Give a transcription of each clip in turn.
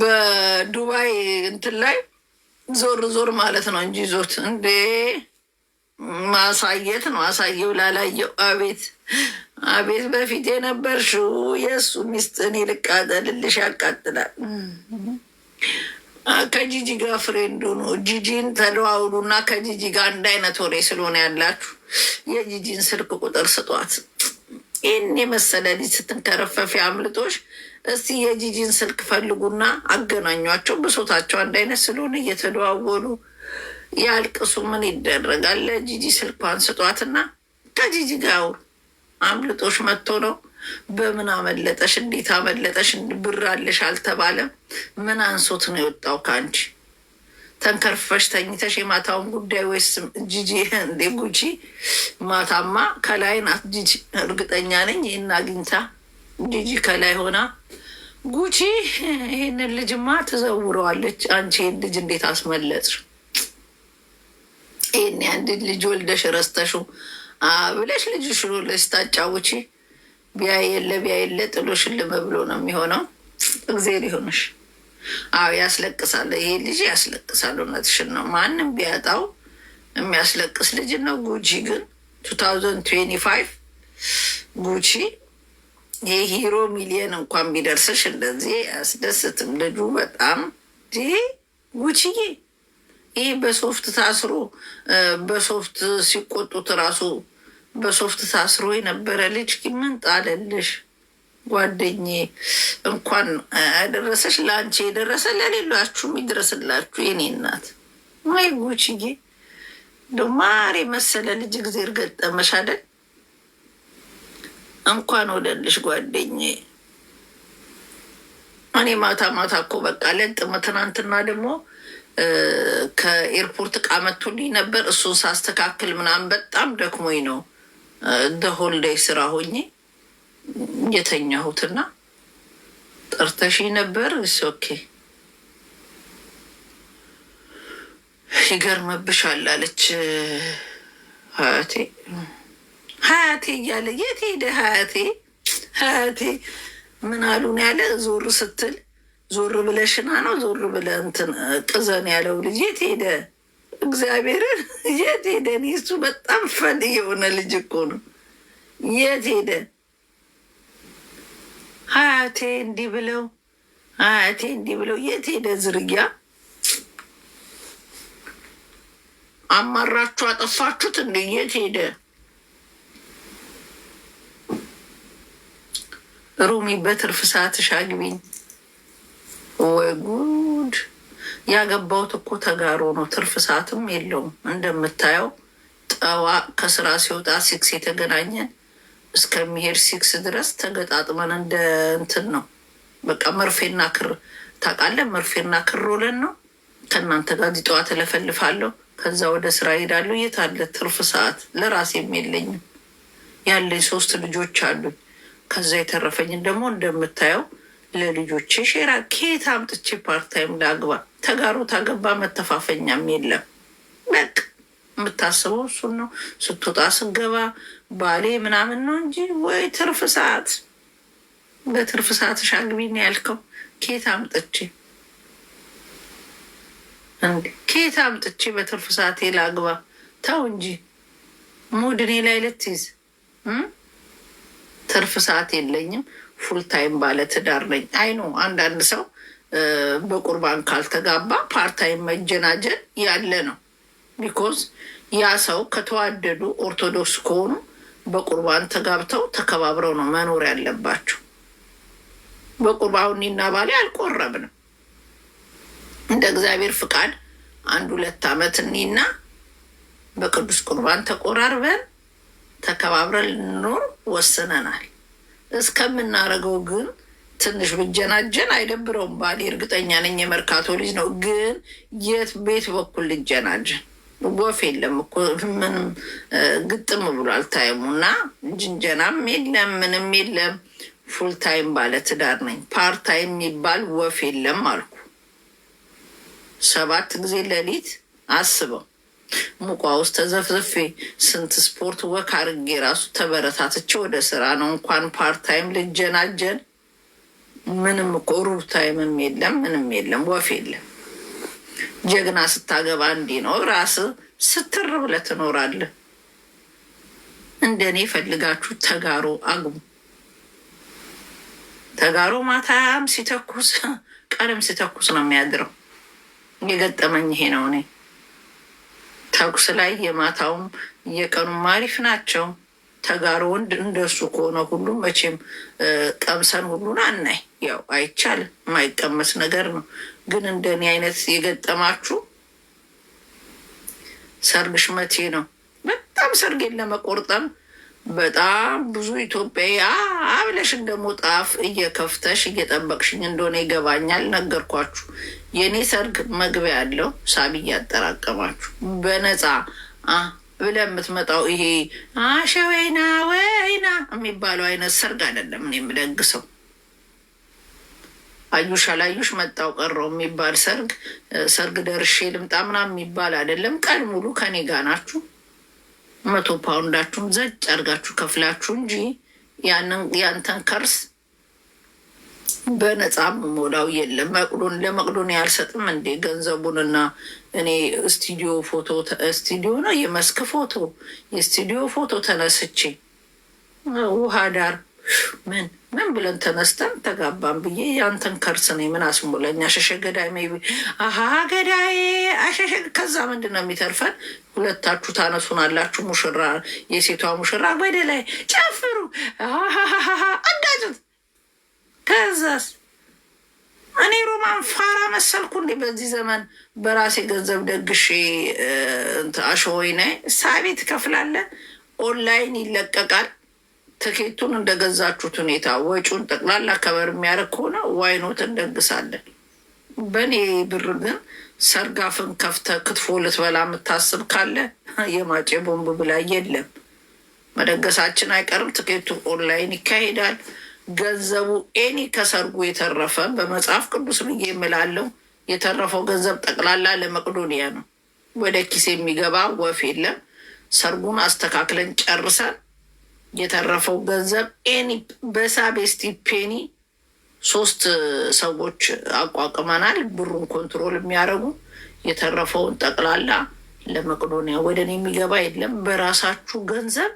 በዱባይ እንትን ላይ ዞር ዞር ማለት ነው እንጂ ይዞት እንዴ ማሳየት ነው። አሳየው ላላየው አቤት አቤት በፊት የነበርሽው የእሱ ሚስት እኔ ልቃጠልልሽ ያቃጥላል። ከጂጂ ጋር ፍሬንዱ ነው። ጂጂን ተደዋውሉ እና ከጂጂ ጋር አንድ አይነት ወሬ ስለሆነ ያላችሁ የጂጂን ስልክ ቁጥር ስጧት። ይህን የመሰለ ልጅ ስትንከረፈፊ አምልጦች እስቲ የጂጂን ስልክ ፈልጉና አገናኟቸው። ብሶታቸው አንድ አይነት ስለሆነ እየተደዋወሉ ያልቅሱ። ምን ይደረጋል? ለጂጂ ስልኳን ስጧትና ከጂጂ ጋር አምልጦሽ መጥቶ ነው። በምን አመለጠሽ? እንዴት አመለጠሽ? ብር አለሽ አልተባለም። ምን አንሶት ነው የወጣው ከአንቺ ተንከርፈሽ ተኝተሽ የማታውን ጉዳይ ወይስ ጂጂ እንዴ? ጉቺ ማታማ ከላይ ናት ጂጂ፣ እርግጠኛ ነኝ ይህን አግኝታ ጂጂ ከላይ ሆና ጉቺ ይህንን ልጅማ ትዘውረዋለች። አንቺ ይህን ልጅ እንዴት አስመለጥ ይህን ያንድ ልጅ ወልደሽ ረስተሹ ብለሽ ልጅሽን ወልደሽ ስታጫውቺ ቢያየለ ቢያየለ ጥሎሽን ልም ብሎ ነው የሚሆነው። እግዜር ይሆንሽ። አዎ ያስለቅሳል፣ ይሄ ልጅ ያስለቅሳል። እውነትሽን ነው። ማንም ቢያጣው የሚያስለቅስ ልጅ ነው። ጉቺ ግን ቱ ታውዘንድ ትዌንቲ ፋይቭ ጉቺ የሂሮ ሚሊየን እንኳን ቢደርስሽ እንደዚህ አስደስትም። ልጁ በጣም ውችዬ ይህ በሶፍት ታስሮ በሶፍት ሲቆጡት ራሱ በሶፍት ታስሮ የነበረ ልጅ ምን ጣለልሽ ጓደኝ? እንኳን ያደረሰሽ ለአንቺ የደረሰ ለሌሏችሁ ይድረስላችሁ። የኔ እናት ወይ ጉችዬ፣ ዶማር የመሰለ ልጅ እግዜር ገጠመሽ አይደል? እንኳን ወለልሽ ጓደኝ። እኔ ማታ ማታ እኮ በቃ ለጥም። ትናንትና ደግሞ ከኤርፖርት እቃ መቶልኝ ነበር። እሱን ሳስተካክል ምናምን በጣም ደክሞኝ ነው ሆልዳይ ስራ ሆኜ እየተኛሁትና ጠርተሽ ነበር። ኦኬ ይገርምብሻል አለች ሀያቴ ሀያቴ እያለ የት ሄደ ሀያቴ ሀያቴ ምን አሉን ያለ ዞር ስትል ዞር ብለሽና ሽና ነው ዞር ብለ እንትን ቅዘን ያለው ልጅ የት ሄደ? እግዚአብሔርን የት ሄደ? እሱ በጣም ፈን የሆነ ልጅ እኮ ነው። የት ሄደ ሀያቴ እንዲህ ብለው ሀያቴ እንዲህ ብለው የት ሄደ ዝርያ አማራችሁ አጠፋችሁት እንዴ? የት ሄደ? ሩሚ በትርፍ ሰዓትሽ አግቢኝ። ወይ ጉድ! ያገባሁት እኮ ተጋሮ ነው። ትርፍ ሰዓትም የለውም እንደምታየው። ጠዋ ከስራ ሲወጣ ሲክስ የተገናኘን እስከሚሄድ ሲክስ ድረስ ተገጣጥመን እንደ እንትን ነው በቃ መርፌና ክር ታውቃለህ፣ መርፌና ክር ውለን ነው ከእናንተ ጋር ጠዋት እለፈልፋለሁ፣ ከዛ ወደ ስራ ሄዳለሁ። የት አለ ትርፍ ሰዓት? ለራሴም የለኝም። ያለኝ ሶስት ልጆች አሉኝ። ከዛ የተረፈኝን ደግሞ እንደምታየው ለልጆቼ ሼራ ኬት አምጥቼ ፓርታይም ላግባ ተጋሮ ታገባ መተፋፈኛም የለም። በቅ የምታስበው እሱን ነው። ስትወጣ ስገባ ባሌ ምናምን ነው እንጂ ወይ ትርፍ ሰዓት በትርፍ ሰዓት ሻግቢን ያልከው። ኬት አምጥቼ ኬት አምጥቼ በትርፍ ሰዓቴ ላግባ? ተው እንጂ ሙድ እኔ ላይ ልትይዝ ትርፍ ሰዓት የለኝም፣ ፉልታይም ባለ ትዳር ነኝ። አይኖ አንዳንድ ሰው በቁርባን ካልተጋባ ፓርታይም መጀናጀን ያለ ነው። ቢኮዝ ያ ሰው ከተዋደዱ ኦርቶዶክስ ከሆኑ በቁርባን ተጋብተው ተከባብረው ነው መኖር ያለባቸው። በቁርባን ባሌ አልቆረብንም። እንደ እግዚአብሔር ፍቃድ አንድ ሁለት ዓመት እኒና በቅዱስ ቁርባን ተቆራርበን ተከባብረን ልንኖር ወስነናል። እስከምናደርገው ግን ትንሽ ብጀናጀን አይደብረውም ባሌ። እርግጠኛ ነኝ የመርካቶ ልጅ ነው። ግን የት ቤት በኩል ልጀናጀን? ወፍ የለም እኮ ምንም ግጥም ብሏል ታይሙ እና ጅንጀናም የለም ምንም የለም። ፉል ታይም ባለ ትዳር ነኝ። ፓርታይም የሚባል ወፍ የለም አልኩ። ሰባት ጊዜ ሌሊት አስበው ሙቋ ውስጥ ተዘፍዘፌ ስንት ስፖርት ወክ አርጌ ራሱ ተበረታትቼ ወደ ስራ ነው። እንኳን ፓርታይም ልጀናጀን ምንም እኮ ሩብ ታይምም የለም ምንም የለም ወፍ የለም። ጀግና ስታገባ እንዲህ ነው። ራስ ስትር ብለህ ትኖራለህ። እንደ እኔ ፈልጋችሁ ተጋሮ አግቡ። ተጋሮ ማታም ሲተኩስ ቀንም ሲተኩስ ነው የሚያድረው። የገጠመኝ ይሄ ነው እኔ ተኩስ ላይ የማታውም የቀኑም አሪፍ ናቸው። ተጋሩ ወንድ እንደሱ ከሆነ ሁሉም መቼም ቀምሰን ሁሉን አናይ። ያው አይቻል የማይቀመስ ነገር ነው። ግን እንደኔ አይነት የገጠማችሁ ሰርግሽ መቼ ነው? በጣም ሰርጌን ለመቆርጠም በጣም ብዙ ኢትዮጵያ አብለሽን ደግሞ ጣፍ እየከፍተሽ እየጠበቅሽኝ እንደሆነ ይገባኛል። ነገርኳችሁ። የእኔ ሰርግ መግቢያ ያለው ሳቢ እያጠራቀማችሁ በነፃ ብለ የምትመጣው ይሄ አሸ ወይና ወይና የሚባለው አይነት ሰርግ አይደለም የምደግሰው። አዩሽ አላዩሽ መጣው ቀረው የሚባል ሰርግ ሰርግ ደርሼ ልምጣ ምናምን የሚባል አይደለም። ቀን ሙሉ ከኔ ጋ ናችሁ። መቶ ፓውንዳችሁን ዘጭ አድርጋችሁ ከፍላችሁ እንጂ ያንተን ከርስ በነፃ ሞላው የለም። መቅዶን ለመቅዶን አልሰጥም እንዴ ገንዘቡንና እኔ ስቱዲዮ ፎቶ ስቱዲዮ ነው የመስክ ፎቶ የስቱዲዮ ፎቶ ተነስቼ ውሃ ዳር ምን ምን ብለን ተነስተን ተጋባን ብዬ ያንተን ከርስ ነኝ። ምን አስሙለኝ አሸሸ ገዳይ ሜይ ቢ አሀ ገዳይ አሸሸ። ከዛ ምንድን ነው የሚተርፈን? ሁለታችሁ ታነሱን አላችሁ ሙሽራ የሴቷ ሙሽራ ወደ ላይ ጨፍሩ፣ አዳጭት። ከዛስ እኔ ሮማን ፋራ መሰልኩ እንዴ? በዚህ ዘመን በራሴ ገንዘብ ደግሼ አሸወይ ነ ሳቤ ትከፍላለን። ኦንላይን ይለቀቃል ትኬቱን እንደገዛችሁት ሁኔታ ወጪውን ጠቅላላ ከበር የሚያደርግ ከሆነ ዋይኖት እንደግሳለን። በእኔ ብር ግን ሰርጋፍን ከፍተ ክትፎ ልትበላ የምታስብ ካለ የማጭ ቦምብ ብላ የለም። መደገሳችን አይቀርም። ትኬቱ ኦንላይን ይካሄዳል። ገንዘቡ ኤኒ ከሰርጉ የተረፈ በመጽሐፍ ቅዱስ ብዬ የምላለው የተረፈው ገንዘብ ጠቅላላ ለመቅዶኒያ ነው። ወደ ኪስ የሚገባ ወፍ የለም። ሰርጉን አስተካክለን ጨርሰን የተረፈው ገንዘብ ኤኒ በሳቤስቲ ፔኒ ሶስት ሰዎች አቋቁመናል። ብሩን ኮንትሮል የሚያደርጉ የተረፈውን ጠቅላላ ለመቅዶኒያ ወደ እኔ የሚገባ የለም። በራሳችሁ ገንዘብ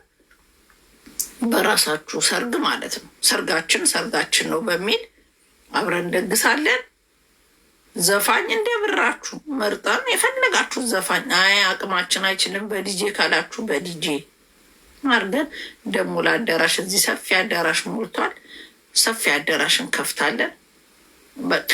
በራሳችሁ ሰርግ ማለት ነው። ሰርጋችን ሰርጋችን ነው በሚል አብረን እንደግሳለን። ዘፋኝ እንደ ብራችሁ መርጠን የፈለጋችሁ ዘፋኝ። አይ አቅማችን አይችልም በዲጄ ካላችሁ በዲጄ አርገን ደግሞ ለአዳራሽ እዚህ ሰፊ አዳራሽ ሞልቷል። ሰፊ አዳራሽን ከፍታለን በቃ